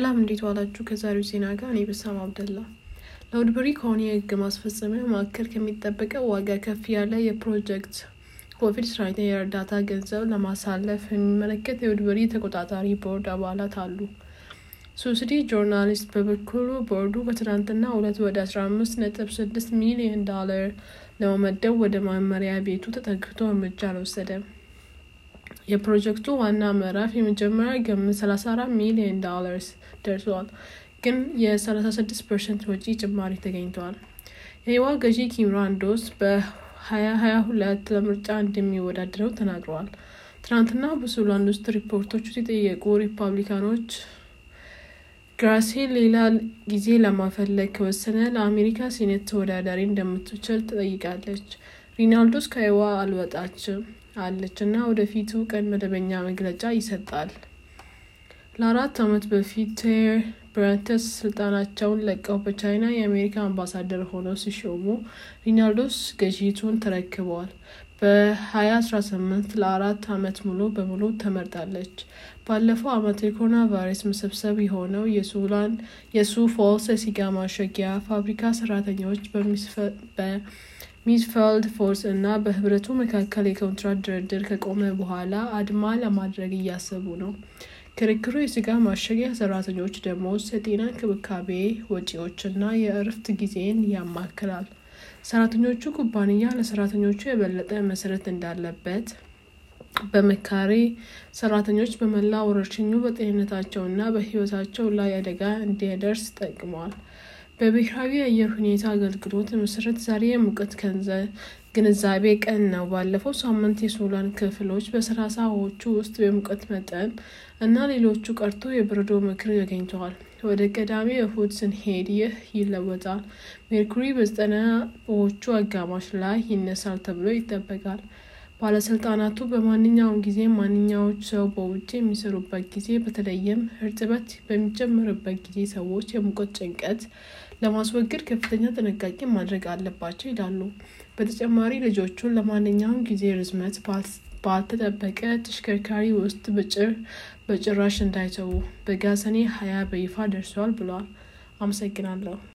ሰላም እንዴት ዋላችሁ? ከዛሬው ዜና ጋር እኔ በሳም አብደላ። ለውድብሪ ከሆነ የህግ ማስፈጸሚያ ማዕከል ከሚጠበቀው ዋጋ ከፍ ያለ የፕሮጀክት ኮቪድ ስራይተ የእርዳታ ገንዘብ ለማሳለፍ የሚመለከት የውድብሪ ተቆጣጣሪ ቦርድ አባላት አሉ። ሱስዲ ጆርናሊስት በበኩሉ ቦርዱ በትናንትና ሁለት ወደ አስራ አምስት ነጥብ ስድስት ሚሊዮን ዳለር ለመመደብ ወደ መመሪያ ቤቱ ተጠግቶ እርምጃ አልወሰደም። የፕሮጀክቱ ዋና ምዕራፍ የመጀመሪያ ግም 34 ሚሊዮን ዶላርስ ደርሷል፣ ግን የ36 ፐርሰንት ወጪ ጭማሪ ተገኝተዋል። የህዋ ገዢ ኪምራንዶስ በ2022 ለምርጫ እንደሚወዳደረው ተናግረዋል። ትናንትና በሶላን ውስጥ ሪፖርቶቹ የጠየቁ ሪፐብሊካኖች ግራሲ ሌላ ጊዜ ለማፈለግ ከወሰነ ለአሜሪካ ሴኔት ተወዳዳሪ እንደምትችል ትጠይቃለች። ሪናልዶስ ከህዋ አልወጣችም አለች እና ወደፊቱ ቀን መደበኛ መግለጫ ይሰጣል። ለአራት ዓመት በፊት ቴር ብረንተስ ስልጣናቸውን ለቀው በቻይና የአሜሪካ አምባሳደር ሆነው ሲሾሙ ሪናልዶስ ገዢቱን ተረክበዋል። በ2018 ለአራት ዓመት ሙሉ በሙሉ ተመርጣለች። ባለፈው ዓመት የኮሮና ቫይረስ መሰብሰብ የሆነው የሱላን የሱ ፎልስ የሲጋ ማሸጊያ ፋብሪካ ሰራተኞች በሚስፈ ሚድፊልድ ፎርስ እና በህብረቱ መካከል የኮንትራት ድርድር ከቆመ በኋላ አድማ ለማድረግ እያሰቡ ነው። ክርክሩ የስጋ ማሸጊያ ሰራተኞች ደሞዝ፣ የጤና እንክብካቤ ወጪዎች እና የእረፍት ጊዜን ያማክላል። ሰራተኞቹ ኩባንያ ለሰራተኞቹ የበለጠ መሰረት እንዳለበት በመካሬ ሰራተኞች በመላ ወረርሽኙ በጤንነታቸው እና በህይወታቸው ላይ አደጋ እንዲደርስ ጠቅሟል። በብሔራዊ የአየር ሁኔታ አገልግሎት መሰረት ዛሬ የሙቀት ግንዛቤ ቀን ነው። ባለፈው ሳምንት የሱዳን ክፍሎች በሰላሳዎቹ ውስጥ የሙቀት መጠን እና ሌሎቹ ቀርቶ የበረዶ ምክር ያገኝተዋል። ወደ ቀዳሚ እሁድ ስንሄድ ይህ ይለወጣል። ሜርኩሪ በዘጠናዎቹ አጋማሽ ላይ ይነሳል ተብሎ ይጠበቃል። ባለስልጣናቱ በማንኛውም ጊዜ ማንኛዎች ሰው በውጭ የሚሰሩበት ጊዜ በተለይም እርጥበት በሚጀምርበት ጊዜ ሰዎች የሙቀት ጭንቀት ለማስወገድ ከፍተኛ ጥንቃቄ ማድረግ አለባቸው ይላሉ። በተጨማሪ ልጆቹን ለማንኛውም ጊዜ ርዝመት ባልተጠበቀ ተሽከርካሪ ውስጥ በጭራሽ እንዳይተዉ በጋ ሰኔ ሀያ በይፋ ደርሷል ብሏል። አመሰግናለሁ።